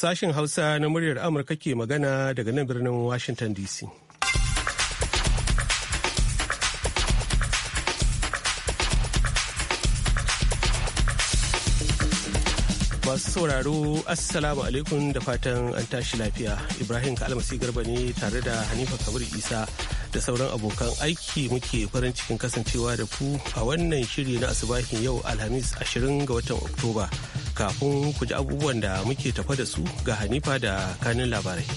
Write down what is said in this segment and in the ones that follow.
Sashen Hausa na muryar Amurka ke magana daga nan birnin Washington DC. masu sauraro assalamu alaikum da fatan an tashi lafiya ibrahim kalmasi garba ne tare da hanifa kabir isa da sauran abokan aiki muke farin cikin kasancewa da ku a wannan shiri na asibahin yau alhamis 20 ga watan oktoba kafin ku ji abubuwan da muke tafa da su ga hanifa da kanin labarai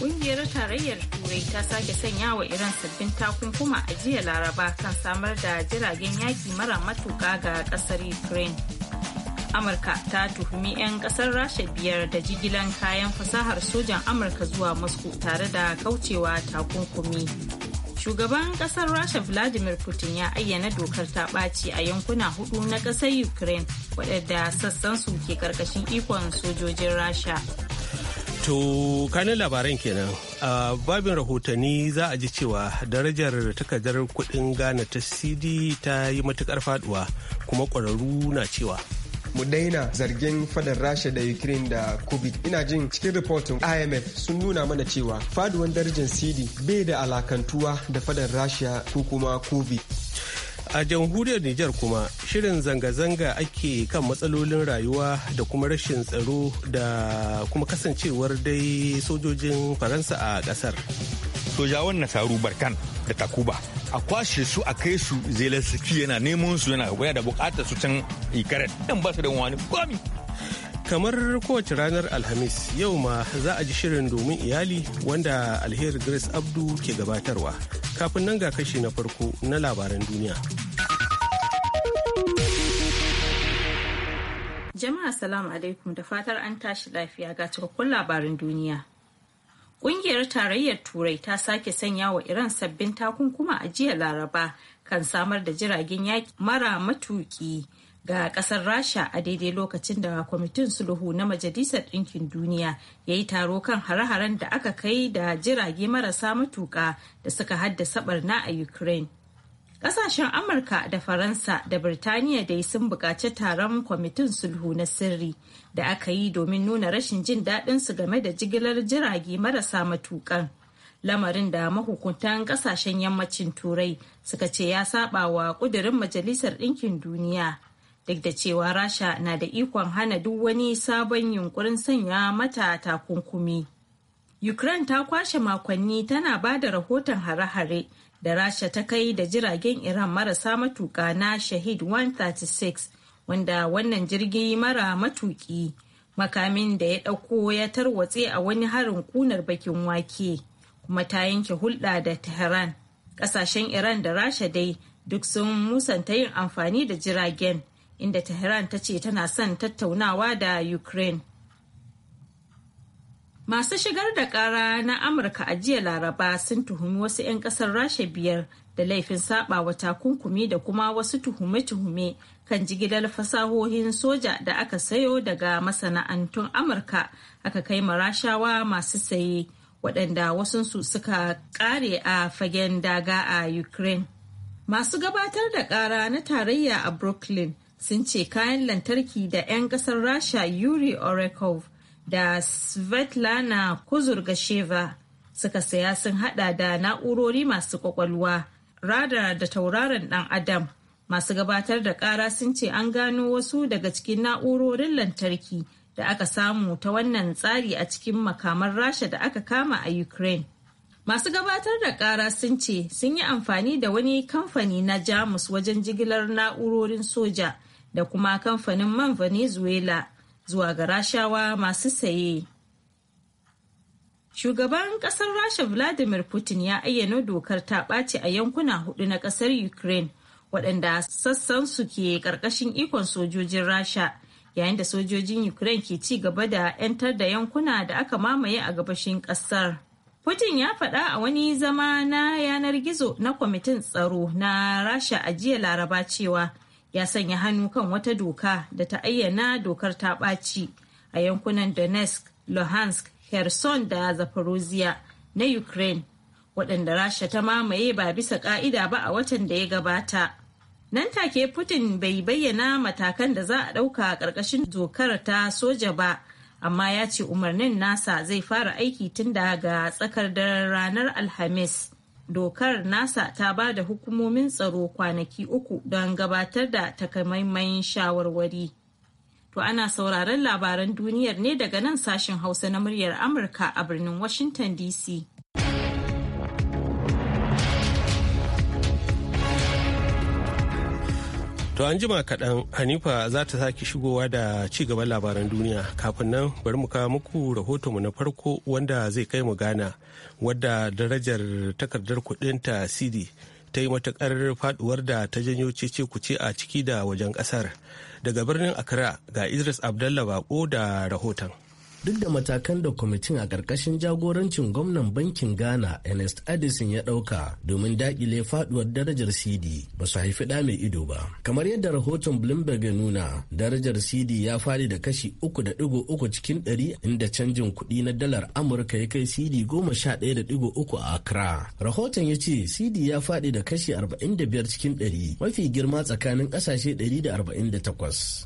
Ƙungiyar tarayyar Turai ta sake sanya wa Iran sabbin takunkuma a jiya Laraba kan samar da jiragen yaki mara matuka ga ƙasar Ukraine. Amurka ta tuhumi 'yan ƙasar Rasha biyar da jigilan kayan fasahar sojan Amurka zuwa Moscow tare da kaucewa takunkumi. shugaban kasar rasha vladimir putin ya ayyana dokar ta ɓaci a yankuna hudu na ƙasar ukraine waɗanda sassan su ke ƙarƙashin ikon sojojin rasha To kanin labaran kenan a babin rahotanni za a ji cewa darajar takardar kuɗin Ghana ta CD ta yi matuƙar faduwa kuma ƙwararru na cewa mu daina zargin fadar rasha da ukraine da covid ina jin cikin rahoton imf sun nuna mana cewa faduwan darajar cd bai da alakantuwa da fadar rasha ko kuma covid a jamhuriyar Nijar kuma shirin zanga-zanga ake kan matsalolin rayuwa da kuma rashin tsaro da kuma kasancewar dai sojojin faransa a kasar. sojawan nasaru barkan da takuba a kwashe su a kai su zelensky yana neman su yana waya da bukatar su can ikaret dan ba su da wani komi kamar kowace ranar alhamis yau ma za a ji shirin domin iyali wanda alheri grace abdu ke gabatarwa kafin nan ga kashi na farko na labaran duniya jama'a salamu alaikum da fatar an tashi lafiya ga cikakkun labarin duniya Ƙungiyar Tarayyar Turai ta sake sanya wa Iran sabbin takunkuma a jiya Laraba kan samar da jiragen yaƙi mara matuƙi ga ƙasar Rasha a daidai lokacin da kwamitin sulhu na Majalisar Ɗinkin Duniya ya yi taro kan hare-haren da aka kai da jirage marasa matuƙa da suka haddasa ɓarna a Ukraine. Ƙasashen Amurka da Faransa da Birtaniya dai sun buƙaci taron kwamitin sulhu na sirri da aka yi domin nuna rashin jin daɗinsu game da jigilar jirage marasa matuƙan. Lamarin da mahukuntan ƙasashen yammacin Turai suka ce ya saba wa ƙudurin Majalisar Ɗinkin Duniya. Duk da cewa Rasha na da ikon hana duk wani sabon yunkurin sanya mata takunkumi. Ukraine ta kwashe makonni tana ba da rahoton hare-hare da rasha ta kai da jiragen iran marasa matuka na shahid 136 wanda wannan jirgi mara matuki makamin da ya ɗauko ya tarwatse a wani harin kunar bakin wake kuma ta yanke hulɗa da tehran ƙasashen iran da rasha dai duk sun musanta yin amfani da jiragen inda tehran ta ce tana son tattaunawa da ukraine Masu shigar da kara na Amurka a jiya Laraba sun tuhumi wasu 'yan kasar Rasha biyar da laifin saba wa takunkumi da kuma wasu tuhume-tuhume kan jigilar fasahohin soja da aka sayo daga masana'antun Amurka aka kai marashawa masu saye waɗanda wasunsu suka ƙare a fagen daga a Ukraine. Masu gabatar da kara na tarayya a Brooklyn sun ce kayan lantarki da 'yan kasar Rasha Yuri Orekov da Svetlana Kuzurgasheva suka saya sun hada da na'urori masu kwakwalwa, radar da tauraron dan Adam. Masu gabatar da kara sun ce an gano wasu daga cikin na'urorin lantarki da aka samu ta wannan tsari a cikin makaman Rasha da aka kama a Ukraine. Masu gabatar da kara sun ce sun yi amfani da wani kamfani na Jamus wajen jigilar na'urorin soja da kuma kamfanin man Venezuela. zuwa ga rashawa masu saye shugaban ƙasar rasha vladimir putin ya ayyana dokar ta ɓaci a yankuna hudu na ƙasar ukraine waɗanda sassan su ke ƙarƙashin ikon sojojin rasha yayin da sojojin ukraine ke ci gaba da 'yantar da yankuna da aka mamaye a gabashin ƙasar putin ya faɗa a wani zama na yanar gizo na kwamitin tsaro na rasha a jiya laraba cewa ya sanya hannu kan wata doka da ta ayyana dokar ta ɓaci a yankunan donetsk luhansk kherson da zaporozhia na ukraine waɗanda rasha ta mamaye ba bisa ƙa'ida ba a watan da ya gabata nan take putin bai bayyana matakan da za a ɗauka a ƙarƙashin dokar ta soja ba amma ya ce umarnin nasa zai fara aiki tun daga tsakar daren ranar alhamis dokar nasa ta ba da hukumomin tsaro kwanaki uku don gabatar da takamaiman shawarwari to ana sauraron labaran duniyar ne daga nan sashen hausa na muryar amurka a birnin washington dc To an jima kaɗan Hanifa za ta sake shigowa da ci gaban labaran duniya kafin nan bari mu kawo muku rahotonmu na farko wanda zai kai mu gana wadda darajar takardar ta CD ta yi matuƙar faduwar da ta janyo cece ce a ciki da wajen ƙasar. Daga birnin Accra ga Idris Abdallah Bako da rahoton. duk da matakan da kwamitin a ƙarƙashin jagorancin gwamnan bankin ghana ernest addison ya ɗauka domin daƙile faɗuwar darajar cd ba su haifi ɗa mai ido ba kamar yadda rahoton bloomberg ya nuna darajar cd ya faɗi da kashi uku cikin ɗari inda canjin kuɗi na dalar amurka ya kai cd goma sha ɗaya da ɗigo uku a accra rahoton ya ce cd ya faɗi da kashi arba'in da biyar cikin ɗari mafi girma tsakanin ƙasashe ɗari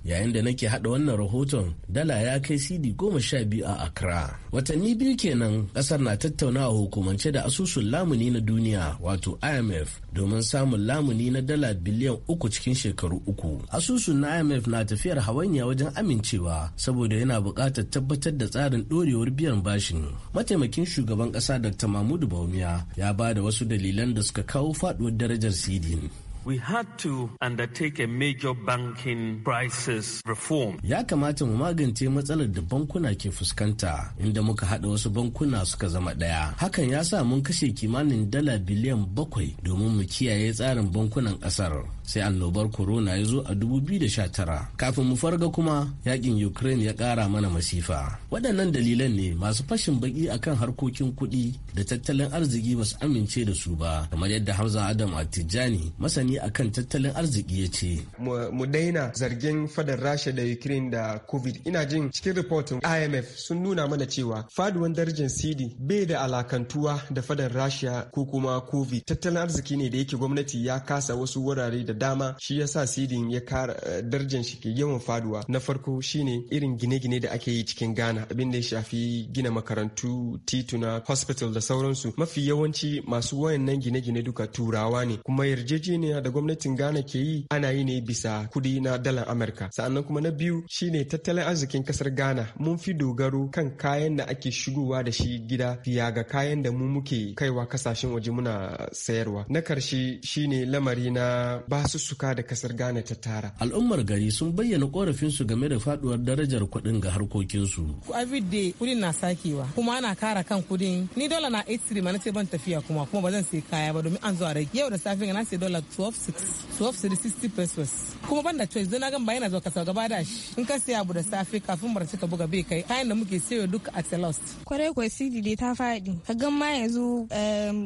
yayin da nake haɗa wannan rahoton dala ya kai cd goma sha biyu a Accra. Watanni biyu kenan ƙasar na tattaunawa hukumance da asusun lamuni na duniya wato IMF domin samun lamuni na dala biliyan uku cikin shekaru uku. Asusun na IMF na tafiyar hawainiya wajen amincewa saboda yana buƙatar tabbatar da tsarin ɗorewar biyan bashin. Mataimakin shugaban ƙasa Dr. Mahmudu Baumiya ya ba da wasu dalilan da suka kawo faɗuwar darajar sidin. we had to undertake a major banking crisis reform. Ya kamata mu magance matsalar da bankuna ke fuskanta inda muka haɗa wasu bankuna suka zama ɗaya. Hakan ya sa mun kashe kimanin dala biliyan bakwai domin mu kiyaye tsarin bankunan ƙasar. sai annobar corona ya zo a 2019 kafin mu farga kuma yakin ukraine ya ƙara mana masifa waɗannan dalilan ne masu fashin baki akan harkokin kuɗi da tattalin arziki ba su amince da su ba kamar yadda hamza adam Tijjani masani akan tattalin arziki ya ce mu daina zargin fadar rasha da ukraine da covid ina jin cikin ripotin imf sun nuna mana cewa faduwan darajar cd bai da alakantuwa da fadar rasha ko kuma covid tattalin arziki ne da yake gwamnati ya kasa wasu wurare da da dama shi ya sa sidin ya kara eh, darajar shi ke yawan faduwa na farko shine irin gine-gine da ake yi cikin Ghana abin da ya shafi gina makarantu tituna hospital da sauransu mafi yawanci masu wayannan gine-gine duka turawa ne kuma yarjejeniya da gwamnatin Ghana ke yi ana yi ne bisa kudi na dalar Amurka sa'annan kuma na biyu shine tattalin arzikin kasar Ghana mun fi dogaro kan kayan da ake shigowa da shi gida fiya ga kayan da mu muke kaiwa kasashen waje muna sayarwa na karshe shine lamari na ba basussuka da kasar Ghana ta tara. Al'ummar gari sun bayyana korafinsu game da faduwar darajar kuɗin ga harkokinsu. Every day kuɗin na sakewa kuma ana kara kan kuɗin. Ni dollar na 83 ma na ce ban tafiya kuma kuma ba zan sai kaya ba domin an zuwa rai. Yau da safe na sai 12.6 12.60 pesos. Kuma ban da don na gan yana zuwa kasa gaba da shi. In ka siya abu da safe kafin bar ka buga bai kai kayan da muke sayo duka a Telost. Kwarai kwa CD dai ta faɗi. Ka gan ma yanzu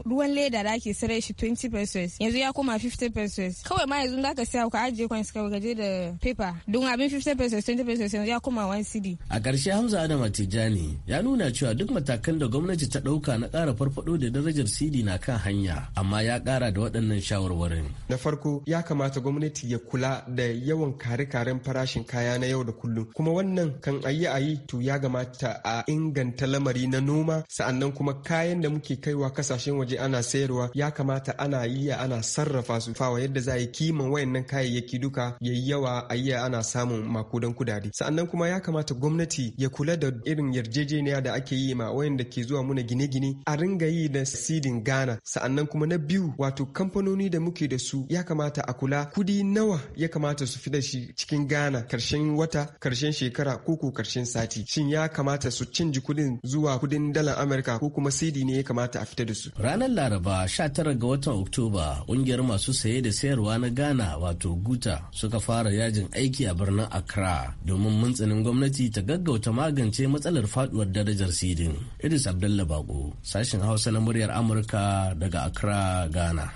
ruwan leda da ake sare shi 20 pesos yanzu ya koma 50 pesos. Kawai ma yanzu da ka siya ka ajiye coins ka gaje da paper don abin 50 pesos 20 pesos ya kuma 1 cd a ƙarshe hamza adama tijani ya nuna cewa duk matakan da gwamnati ta ɗauka na ƙara farfaɗo da darajar cd na kan hanya amma ya ƙara da waɗannan shawarwarin na farko ya kamata gwamnati ya kula da yawan kare-karen farashin kaya na yau da kullum kuma wannan kan ayi ayi to ya gamata a inganta lamari na noma sa'annan kuma kayan da muke kaiwa kasashen waje ana sayarwa ya kamata ana yi ana sarrafa su fawa yadda za a yi kiman wayannan kayayyaki duka ya yi yawa a iya ana samun makudan kudade sa'annan kuma ya kamata gwamnati ya kula da irin yarjejeniya da ake yi ma wayanda ke zuwa muna gine-gine a ringa yi da sidin gana, sa'annan kuma na biyu wato kamfanoni da muke da su ya kamata a kula kudi nawa ya kamata su fi da shi cikin gana karshen wata karshen shekara ko ko karshen sati shin ya kamata su canji kudin zuwa kudin dalar Amurka ko kuma sidi ne ya kamata a fita da su ranar Laraba 19 ga watan Oktoba ƙungiyar masu saye da sayarwa na na Ghana wato Guta suka fara yajin aiki a birnin Accra domin muntsinin gwamnati ta gaggauta magance matsalar faduwar darajar sidin. Idris Abdullah Bako, sashen Hausa na muryar Amurka daga Accra, Ghana.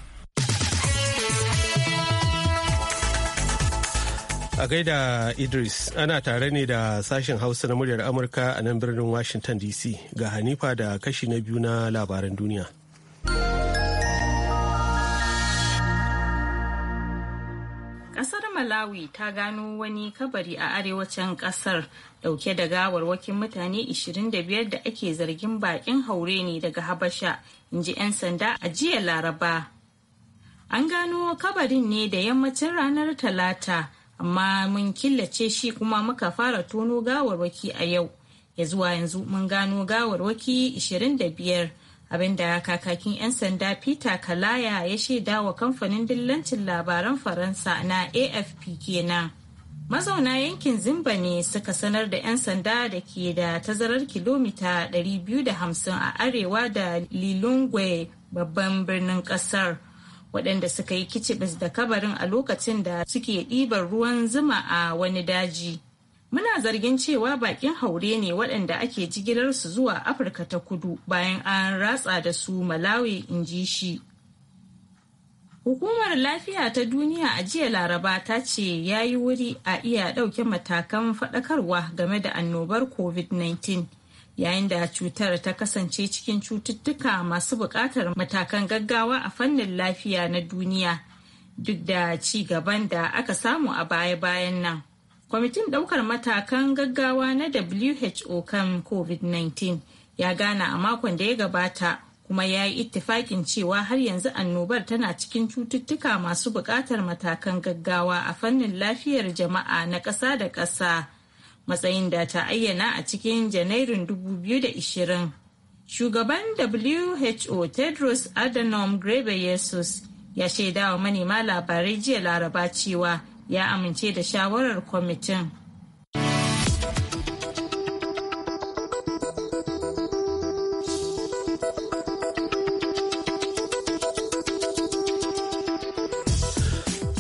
A gaida Idris ana tare ne da sashen Hausa na muryar Amurka a nan birnin Washington DC ga Hanifa da kashi na biyu na labaran duniya. Malawi ta gano wani kabari a arewacin kasar dauke da gawarwakin mutane 25 da ake zargin bakin haure ne daga Habasha, in ji 'yan sanda a jiya Laraba. An gano kabarin ne da yammacin ranar Talata, amma mun killace shi kuma muka fara tono gawarwaki a yau. Ya zuwa yanzu mun gano gawarwaki 25 abinda kakakin 'yan sanda peter kalaya ya shaida wa kamfanin dillancin labaran faransa na afp kenan mazauna yankin zimba ne suka sanar da 'yan sanda da ke da tazarar kilomita 250 a arewa da lilongwe babban birnin kasar waɗanda suka yi kicibis da kabarin a lokacin da suke ɗibar ruwan zuma a wani daji Muna zargin cewa bakin haure ne waɗanda ake jigilar su zuwa Afirka ta kudu bayan an ratsa da su Malawi in ji shi. Hukumar Lafiya ta Duniya a jiya Laraba ta ce ya yi wuri a iya ɗauke matakan faɗakarwa game da annobar COVID-19 yayin da cutar ta kasance cikin cututtuka masu buƙatar matakan gaggawa a fannin lafiya na duniya duk da ci gaban da aka samu a baya-bayan nan. kwamitin ɗaukar matakan gaggawa na who kan covid-19 ya gana a makon da ya gabata kuma ya yi ittifakin cewa har yanzu annobar tana cikin cututtuka masu buƙatar matakan gaggawa a fannin lafiyar jama'a na ƙasa da ƙasa matsayin da ta ayyana a cikin janairun 2020 shugaban who tedros adhanom ghebreyesus ya shaidawa manema labarai jiya laraba cewa ya amince da shawarar kwamitin.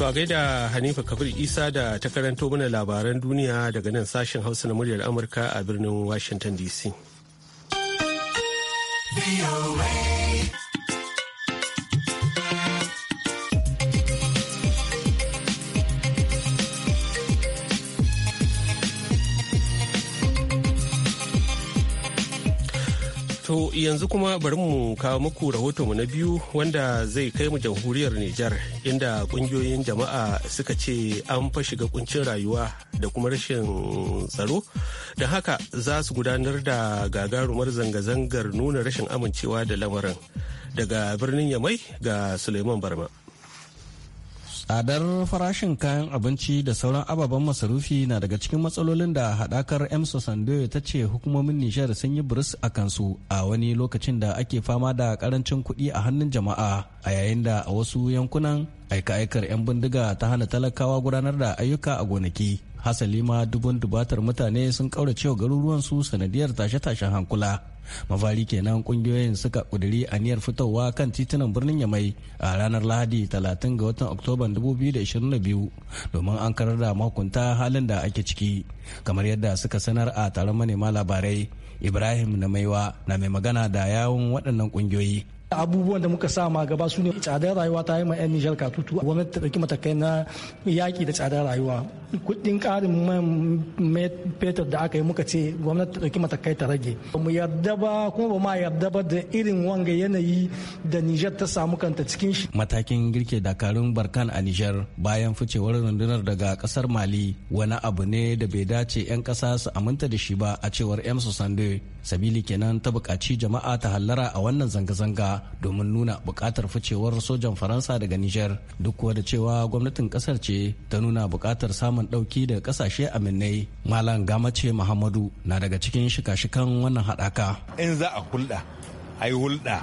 To gaida Hanifa Kabir Isa da ta karanto mana labaran duniya daga nan sashen Hausa na muryar Amurka a birnin Washington DC. To yanzu kuma bari mu kawo muku mu na biyu wanda zai kai mu jamhuriyar Nijar inda kungiyoyin jama'a suka ce an fa shiga kuncin rayuwa da kuma rashin tsaro. Don haka za su gudanar da gagarumar zanga-zangar nuna rashin amincewa da lamarin. Daga birnin Yamai ga Suleiman Barma. Tsadar farashin kayan abinci da sauran ababen masarufi na daga cikin matsalolin da haɗakar emso sandoyo ta ce hukumomin Nijar sun yi buris a kansu a wani lokacin da ake fama da karancin kuɗi a hannun jama'a a yayin da a wasu yankunan aika-aikar 'yan bindiga ta hana talakawa gudanar da ayyuka a gonaki hasali ma dubun dubatar mutane sun kauracewa garuruwansu sanadiyar tashe-tashen hankula mafari kenan kungiyoyin suka kuduri aniyar fitowa kan titunan birnin yamai a ranar lahadi 30 ga watan oktoba 2022 domin an karar da mahukunta halin da ake ciki kamar yadda suka sanar a taron manema labarai ibrahim na maiwa na mai magana da yawon waɗannan kungiyoyi abubuwan da muka sa ma gaba su ne tsadar rayuwa ta yi ma 'yan nijar katutu gwamnati ta ɗauki matakai na yaƙi da tsadar rayuwa kuɗin ƙarin fetur da aka yi muka ce gwamnati ta ɗauki matakai ta rage ba mu yarda ba kuma ba ma yarda ba da irin wanga yanayi da nijar ta samu kanta cikin shi matakin girke dakarun barkan a nijar bayan ficewar rundunar daga ƙasar mali wani abu ne da bai dace 'yan ƙasa su aminta da shi ba a cewar 'yan sande sabili kenan ta buƙaci jama'a ta hallara a wannan zanga-zanga domin nuna bukatar ficewar sojan Faransa daga Nijar duk kuwa da cewa gwamnatin kasar ce ta nuna bukatar samun ɗauki daga ƙasashe aminai. Malam Gamace Muhammadu na daga cikin shika-shikan wannan haɗaka. In za a hulɗa, a yi hulɗa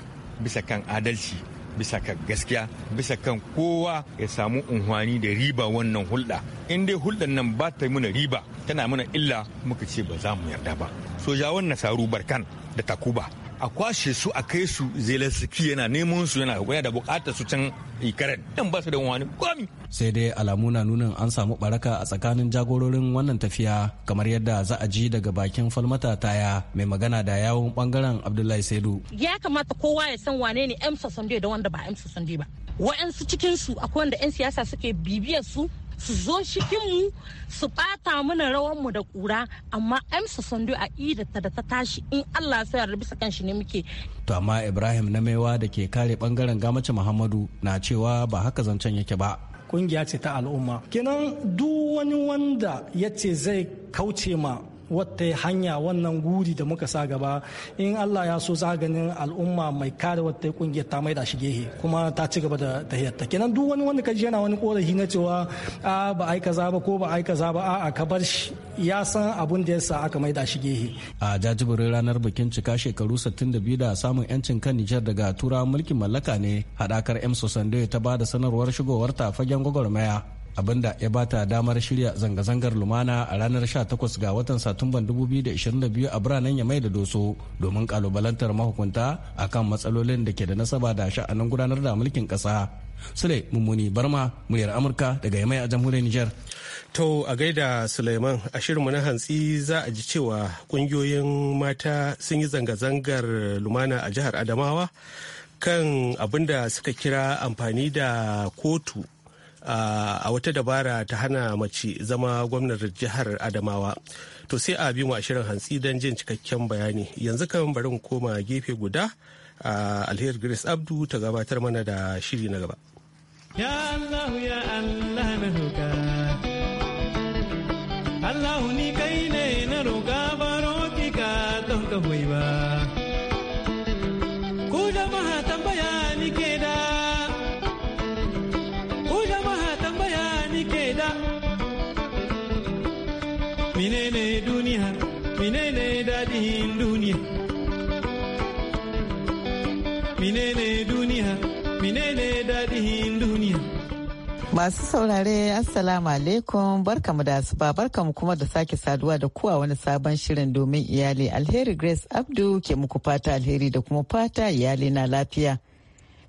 bisa kan adalci bisa kan gaskiya bisa kan kowa ya samu unhwani da riba wannan hulɗa in dai hulɗar nan ba ta muna riba tana mana illa muka ce ba za mu yarda ba sojawan nasaru barkan da takuba a kwashe su a kai su zelensky yana neman su yana waya da bukatar su can ikaren dan ba su da wani komi sai dai alamu na nunin an samu baraka a tsakanin jagororin wannan tafiya kamar yadda za a ji daga bakin falmata taya mai magana da yawon bangaren abdullahi saidu ya kamata kowa ya san wane ne emsa sunday da wanda ba emsa sunday ba wa'ansu cikin su akwai wanda 'yan siyasa suke bibiyar su su zo shikinmu su ɓata mana rawanmu da ƙura amma amsa sando a ta da ta tashi in allah sai yarda bisa kanshi ne muke to amma ibrahim na maiwa da ke kare bangaren gamace muhammadu na cewa ba haka zancen yake ba kungiya ce ta al'umma kenan duk wani wanda ya ce zai kauce ma wata hanya wannan guri da muka sa gaba in allah ya so zaganin al'umma mai kare wata kungiyar ta maida shi gehe kuma ta ci gaba da tahiyarta kenan duk wani wanda kaji yana wani korafi na cewa a ba ai kaza ba ko ba ai kaza ba a'a ka bar shi ya san abun da ya sa aka maida shi gehe a jajibirin ranar bikin cika shekaru 62 da samun yancin kan Nijar daga turawan mulkin mallaka ne hadakar M Sosando ta ba da sanarwar shigowar ta fagen gwagwarmaya abinda ya bata damar shirya zanga-zangar lumana a ranar 18 ga watan satumban 2022 a biranen yamai da doso domin kalubalantar mahukunta akan matsalolin da ke da nasaba da sha'anin gudanar da mulkin kasa sule mummuni barma muryar amurka daga yamai a jamhuriyar niger to a gaida suleiman a shirinmu na hantsi za a ji cewa kungiyoyin mata sun yi zanga-zangar lumana a jihar adamawa kan abin da suka kira amfani da kotu a wata dabara ta hana mace zama gwamnar jihar adamawa to sai a bi mu a shirin hantsi don jin cikakken bayani yanzu kan barin koma gefe guda alheri grace abdu ta gabatar mana da shiri na gaba ya ya allah na ni kai Masu saurare Assalamu alaikum barkamu da asuba barkamu kuma da sake saduwa da kuwa wani sabon shirin domin iyali alheri Grace Abdu ke muku fata alheri da kuma fata iyali na lafiya.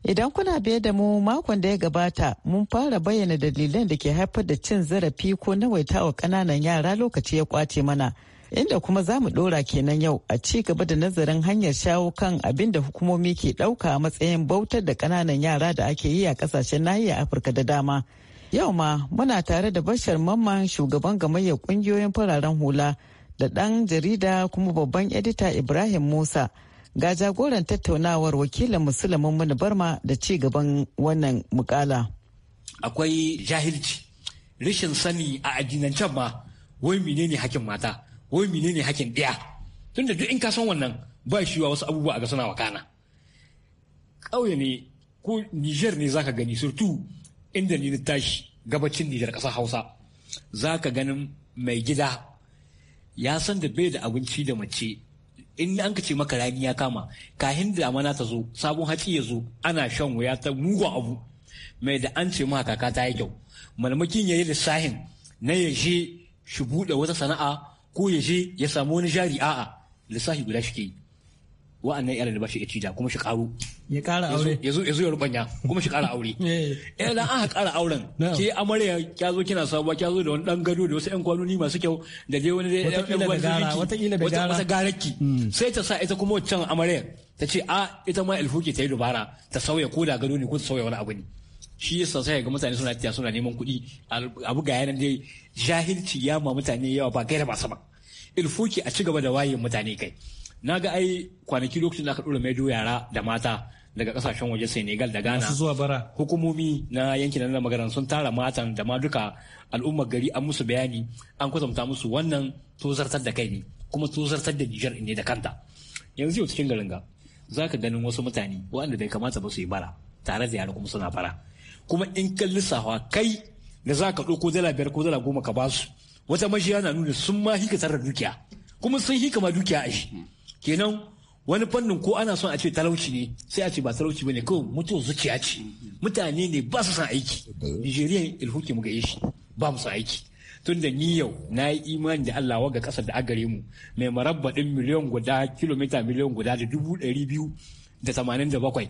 Idan kuna biye da mu makon da ya gabata mun fara bayyana dalilan da ke haifar da cin zarafi ko nawaitawa ƙananan yara lokaci ya kwace mana inda kuma za mu ɗora kenan yau a ci gaba da nazarin hanyar shawo kan abin da hukumomi ke ɗauka a matsayin bautar da ƙananan yara da ake yi a ƙasashen nahiyar Afirka da dama. Yau ma muna tare da Bashar Mamman shugaban gamayyar ƙungiyoyin fararen hula da ɗan jarida kuma babban edita Ibrahim Musa. Ga jagoran tattaunawar wakilin Musulman Muni Barma da ci gaban wannan mukala. Akwai jahilci, rashin sani a addinancen ma wai menene hakin mata. wai menene hakin ɗaya tunda duk in ka san wannan ba shi wa wasu abubuwa a ga suna wakana ƙauye ne ko Niger ne zaka gani surtu inda ni tashi gabacin Niger ƙasar Hausa zaka ganin mai gida ya san da bai da abinci da mace in an ka ce maka rani ya kama kahin da amana ta zo sabon hatsi ya zo ana shan wuya ta mugun abu mai da an ce maka kaka ta yi kyau malamakin ya yi lissahin na ya je shi buɗe wata sana'a ko ya je ya samu wani jari a'a lissafi guda shi ke yi wa'annan yaran da ba shi ya cija kuma shi karu ya kara aure ya zo ya rubanya kuma shi kara aure eh. eh dan aka kara auren ke amarya kya zo kina sabuwa kya zo da wani dan gado da wasu yan kwanoni masu kyau da dai wani dai yan wani wata kila da gara wata garaki hmm. sai ta sa ita kuma wancan amarya ta ce a ita ma alfuki ta yi dubara ta sauya ko da gado ne ko ta sauya wani abu ne shi yasa sai ga mutane suna tiya suna neman kuɗi a buga yana dai jahilci ya ma mutane yawa ba gaira ba sama ilfoki a ci gaba da waye mutane kai na ga ai kwanaki lokacin da aka ɗora maido yara da mata daga kasashen waje senegal da ghana zuwa bara hukumomi na yankin na magaran sun tara matan da ma duka al'ummar gari an musu bayani an kwatanta musu wannan tozartar da kai ne kuma tozartar da nijar ne da kanta yanzu yau cikin garin ga za ka ganin wasu mutane waɗanda bai kamata ba su yi bara tare da yara kuma suna bara kuma in ka lissafa kai da za ka ɗauko dala biyar ko dala goma ka basu wata mashiya na nuna sun ma hika tsara dukiya kuma sun hika ma dukiya a shi kenan wani fannin ko ana son a ce talauci ne sai a ce ba talauci ba ne kawai mutum zuciya ce mutane ne ba su son aiki nigeria ilhuki ga yi shi ba mu son aiki Tunda da ni yau na yi imani da Allah waga kasar da agare mu mai ɗin miliyan guda kilomita miliyan guda da dubu ɗari biyu da tamanin da bakwai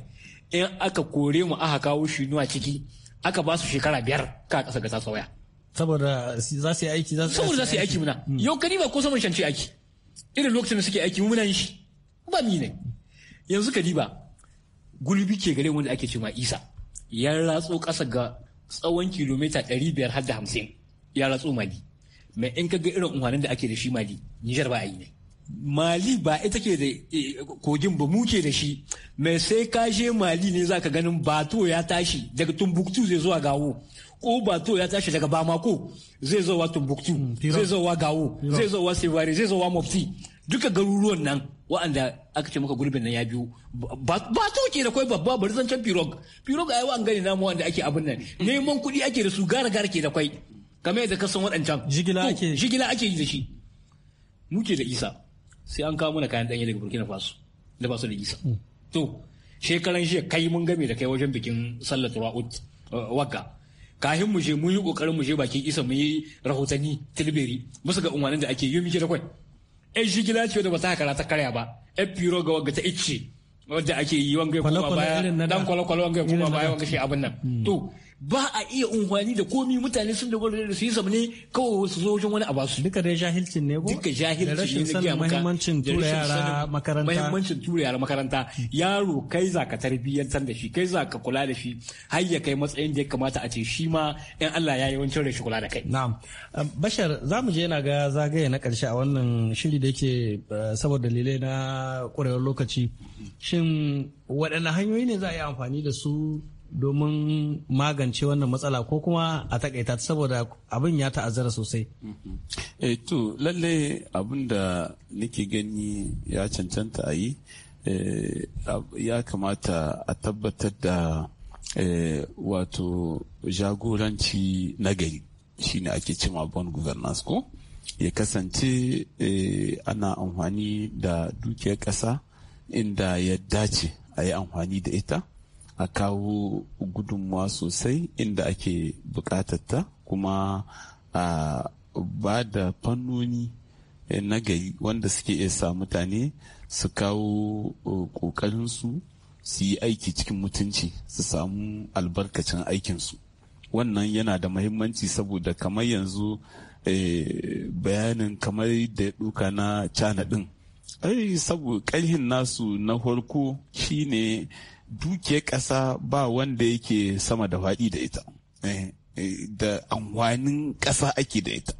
in aka kore mu aka kawo nuwa ciki aka ba su shekara biyar ka kasa ga sauya saboda za su yi aiki za su saboda za su yi aiki muna hmm. yau kani ba ko saman shanci aiki irin lokacin da suke aiki muna shi ba mi ne yanzu ka diba gulbi ke gare wanda ake cewa isa ya ratso kasa ga tsawon kilomita biyar har da hamsin. ya ratso mali mai in ka ga irin umarnin da ake da shi mali nijar ba a yi ne mali ba ita ke da eh, kogin ba muke da shi mai sai ka je mali ne ka ganin bato ya tashi daga tumbuktu zai zuwa gawo ko bato ya tashi daga bamako zai zuwa tumbuktu hmm, zai zuwa gawo zai zuwa sevare zai zuwa mofti duka garuruwan nan wa'anda aka ce maka gurbin nan ya biyu ba to ke da kawai babba bari zancen pirog pirog ayi wa'an gani namu wanda ake abin nan hmm. neman kuɗi ake da su gara gara ke da kwai kamar yadda ka san waɗancan jigila ake yi da shi muke da isa sai an kawo mana kayan danye daga burkina faso da ba su da gisa mm. to shekaran shi kai mun game da kai wajen bikin sallar turawut uh, wagga kahin mu je mun yi kokarin mu je bakin isa mun yi rahotanni tilbiri musu ga umarnin da ake yi muke da kwai ai gila ce da ba ta karata karya ba ai firo ga wagga ta icce wanda ake yi wanga kuma baya dan kwalo wanga kuma baya wanga shi abin nan mm. to ba a iya unhwani da komi mutane sun dogara da su yi ne kawai su zo wajen wani a basu duka dai jahilcin ne ko duka jahilcin ne na gaya maka mahimmancin tura yara makaranta mahimmancin tura yara makaranta yaro kai za ka tarbiyyantar da shi kai za ka kula da shi har ya kai matsayin da ya kamata a ce shi ma in Allah ya yi wancan rashin kula da kai na'am bashar za mu je na ga zagaye na karshe a wannan shiri da yake eh, saboda dalilai na kurewar lokaci shin waɗanne hanyoyi ne za a yi amfani da su domin magance wannan matsala ko kuma a takaita saboda abin ya ta'azzara sosai. Eh to lalle abin da nake gani ya cancanta a yi eh, ya kamata a tabbatar da eh, wato jagoranci nagari shine ake cima bon governance ko ya kasance eh, ana amfani da dukiyar ƙasa inda ya dace a yi amfani da ita a kawo gudunmuwa sosai inda ake bukatatta kuma a ba da fannoni eh, na gari wanda suke iya sa mutane su kawo eh, ƙoƙarinsu su yi aiki cikin mutunci su samu albarkacin aikinsu wannan yana da mahimmanci saboda kamar yanzu eh, bayanin kamar da ya ɗuka na cana ɗin saboda ƙarhin nasu na farko shine Duke ƙasa ba wanda yake sama da faɗi da ita eh, eh, da anwanin ƙasa ake da ita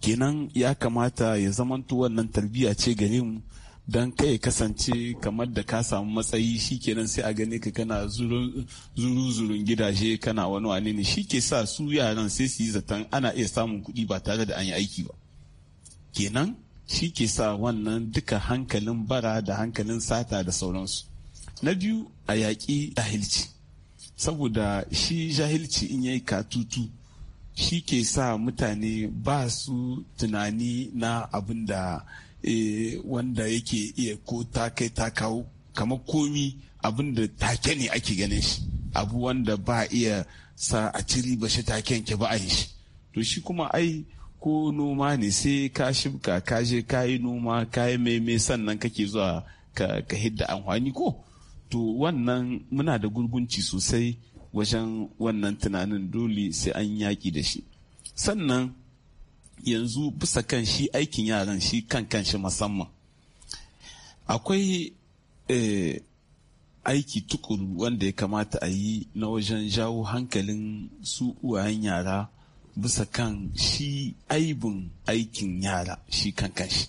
kenan ya kamata ya zamanto wannan tarbiyya ce gare mu don ya kasance kamar da ka samu matsayi shikenan sai a gane ka kana zuru-zurun gidaje kana wani wane ne shi ke sa su yaran sai su yi zaton ana iya samun kuɗi ba tare da an yi aiki ba kenan shi ke sa wannan duka hankalin bara da hankalin sata da sauransu na biyu a yaƙi jahilci saboda shi jahilci in yayi katutu shi ke sa mutane ba su tunani na abin da e, wanda yake iya ko ta kai ta kawo kamar komi abin da take ne ake ganin shi abu wanda ba iya sa a ciri ba shi taken ke ba a yi shi to shi kuma ai ko noma ne sai ka shibka ka je ka yi noma ka yi maimai sannan kake zuwa ka hidda amfani ko to wannan muna da gurgunci sosai wajen wannan tunanin dole sai an yaƙi da shi sannan yanzu bisa kan shi aikin yaran shi kan kanshi musamman akwai eh, aiki tukuru wanda ya kamata a yi na wajen jawo hankalin su uwayen yara bisa kan shi aibin aikin yara shi kan kanshi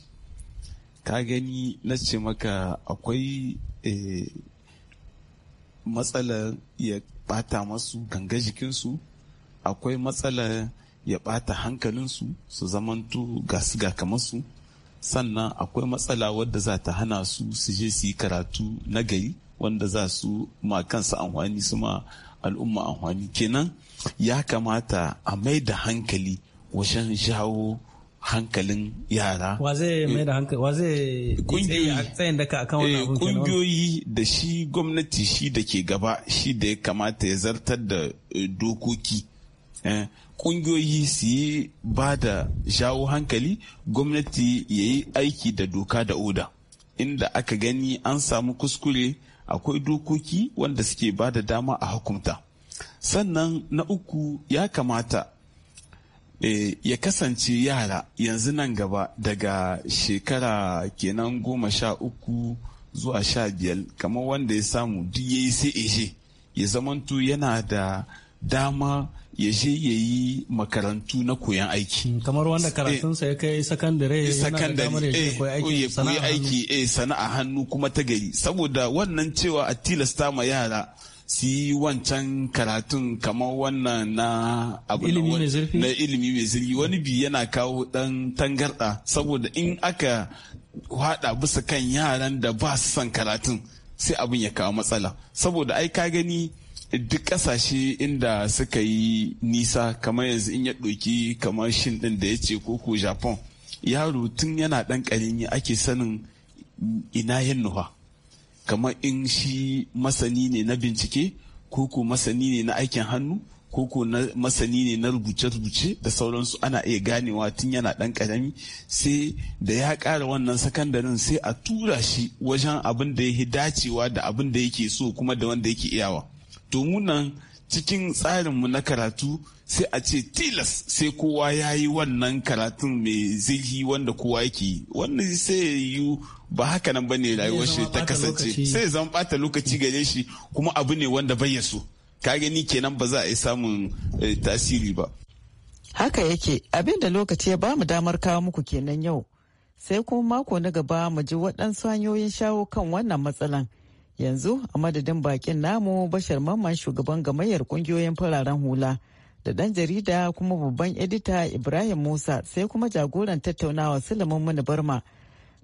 ka gani na ce maka akwai eh, matsalar ya bata masu ganga jikinsu akwai matsalar ya bata hankalinsu su zamantu ga su ga sannan akwai matsala wadda za ta hana su su je su yi karatu na gari wanda za su ma kansu amfani su ma al'umma amfani kenan ya kamata a mai da hankali wajen shawo hankalin yara wa zai eh, mai da hankali wa zai tsayin daka akan wannan eh, abu kungiyoyi da shi gwamnati shi da ke gaba shi da ya kamata ya zartar da eh, dokoki kungiyoyi su yi ba da jawo hankali gwamnati ya yi aiki da doka da oda inda aka gani an samu kuskure akwai dokoki wanda suke ba da dama a hukumta sannan na uku ya kamata Eh, ya kasance yara yanzu nan gaba daga shekara kenan goma sha uku zuwa sha biyar kamar wanda ya samu duk ya yi sai eje ya zamanto yana da dama ya je ya yi makarantu na koyan aiki. Kamar wanda eh, karatunsa ya kai sakandare eh, yana da damar ya koyi aiki sana'a hannu kuma ta gari. Saboda wannan cewa a tilasta ma yara su yi wancan karatun kamar wannan na ilimi mai na ilimi mai zurfi wani bi yana kawo dan tangarɗa. saboda in aka hada bisa kan yaran da ba su son karatun sai abin ya kawo matsala saboda ai ka gani duk kasashe inda suka yi nisa kamar yanzu in ya ɗoki kamar shin ɗin da ya ce koko japan yaro tun yana ɗan ƙarami ake sanin ina yin nuha kamar in shi masani ne na bincike ko ko masani ne na aikin hannu ko ko masani ne na rubuce-rubuce da sauransu ana iya ganewa tun yana ɗan ƙarami sai da ya ƙara wannan sakandaren sai a tura shi wajen abin da ya dacewa da abin da yake so kuma da wanda yake iyawa to mu nan cikin tsarinmu na karatu sai a ce tilas sai kowa ya yi wannan karatun mai zirhi wanda kowa yake wannan sai yi ba haka nan ba ne rayuwar shi ta kasance sai zama bata lokaci gare shi kuma abu ne wanda bai yaso ka gani kenan ba za a yi samun eh, tasiri ba haka yake abin da lokaci ya ba mu damar kawo muku kenan yau sai kuma mako na gaba mu ji waɗansu hanyoyin shawo kan wannan matsalan yanzu a madadin bakin namu bashar mamman shugaban gamayyar kungiyoyin fararen hula da ɗan jarida kuma babban edita Ibrahim Musa sai kuma jagoran tattaunawa Sulaiman Mani Barma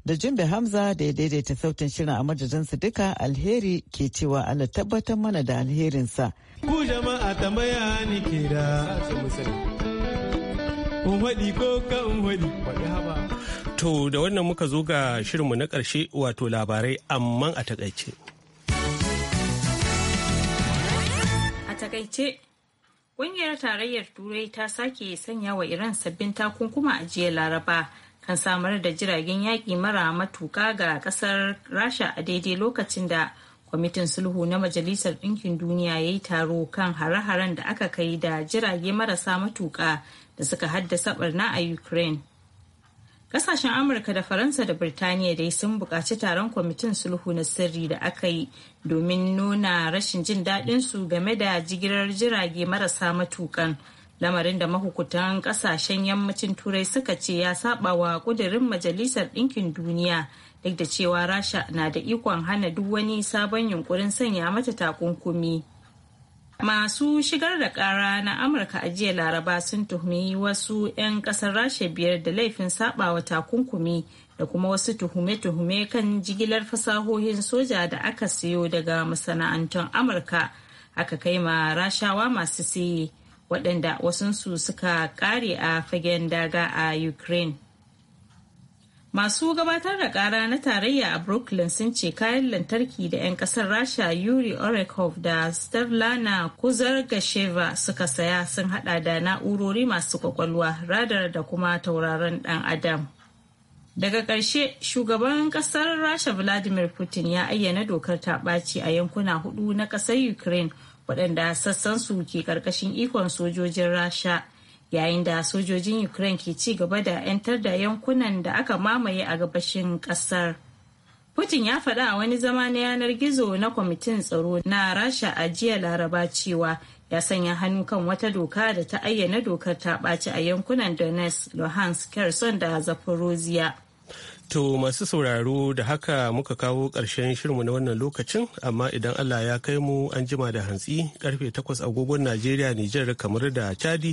da Jumbe Hamza da ya daidaita sautin shirin a madadinsu duka alheri ke cewa Allah tabbatar mana da alherinsa. Ku jama'a tambaya ni ke da. ko ka To da wannan muka zo ga shirinmu na ƙarshe wato labarai amman a takaice. A takaice Ƙungiyar Tarayyar Turai ta sake sanya wa Iran sabbin takunkuma a jiya Laraba kan samar da jiragen yaƙi mara matuka ga ƙasar Rasha a daidai lokacin da kwamitin sulhu na Majalisar Ɗinkin Duniya ya yi taro kan hare-haren da aka kai da jirage marasa matuka da suka haddasa barna a Ukraine. Kasashen Amurka da Faransa da Birtaniya dai sun buƙaci taron kwamitin sulhu na sirri da aka yi domin nuna rashin jin daɗin su game da jigilar jirage marasa matukan. Lamarin da mahukutan ƙasashen yammacin Turai suka ce ya saba wa ƙudurin Majalisar Ɗinkin Duniya duk da cewa Rasha na da ikon hana duk wani sabon yunkurin sanya mata takunkumi. Masu shigar da kara na Amurka a jiya Laraba sun tuhumi wasu 'yan kasar Rasha biyar da laifin sabawa takunkumi da kuma wasu tuhume-tuhume kan jigilar fasahohin soja da aka siyo daga masana'antun Amurka aka kai ma rashawa masu siye waɗanda wasunsu suka kare a fagen daga a Ukraine. Masu gabatar da kara na tarayya a Brooklyn sun ce kayan lantarki da 'yan kasar Rasha Yuri Orekov da Sterlana Kuzargasheva suka saya sun hada da na'urori masu kwakwalwa radar da kuma tauraron dan Adam. Daga ƙarshe, shugaban kasar Rasha Vladimir Putin ya ayyana dokar ta ɓaci a yankuna hudu na ƙasar Ukraine waɗanda sassan su ke ƙarƙashin ikon sojojin Rasha. yayin da sojojin ukraine ke ci gaba da 'yantar da yankunan da aka mamaye a gabashin kasar putin ya faɗa a wani zama na yanar gizo na kwamitin tsaro na rasha a jiya laraba cewa ya sanya hannu kan wata doka da ta ayyana dokar ta ɓaci a yankunan donetsk luhansk kherson da zaporozhia To masu sauraro da haka muka kawo ƙarshen shirmu na wannan lokacin amma idan Allah ya kai mu an jima da hantsi karfe 8 agogon Najeriya Nijar kamar da Chadi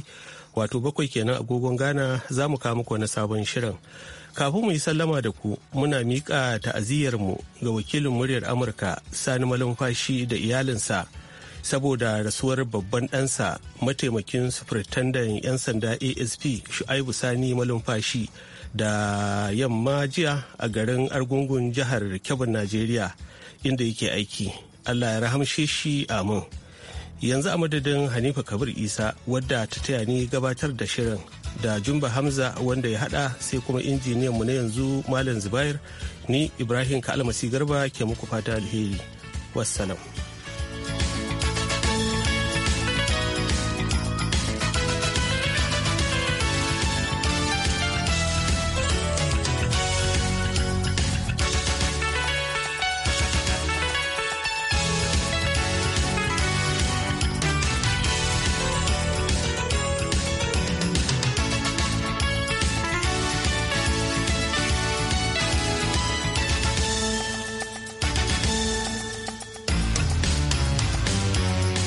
wato bakwai kenan agogon ghana za mu kawo muku sabon shirin kafin mu yi sallama da ku muna miƙa ta'aziyyarmu ga wakilin muryar amurka sani malumfashi da iyalinsa saboda rasuwar babban ɗansa mataimakin sufurtandan 'yan sanda asp shu'aibu sani malumfashi da yamma jiya a garin argungun jihar kebun najeriya inda yake aiki allah ya rahamshe shi amin yanzu a madadin hanifa kabir isa wadda ta taya ni gabatar da shirin da jumba hamza wanda ya hada sai kuma injiniyan mu na yanzu malam zubair ni ibrahim kalmasi garba ke muku fata alheri wassalam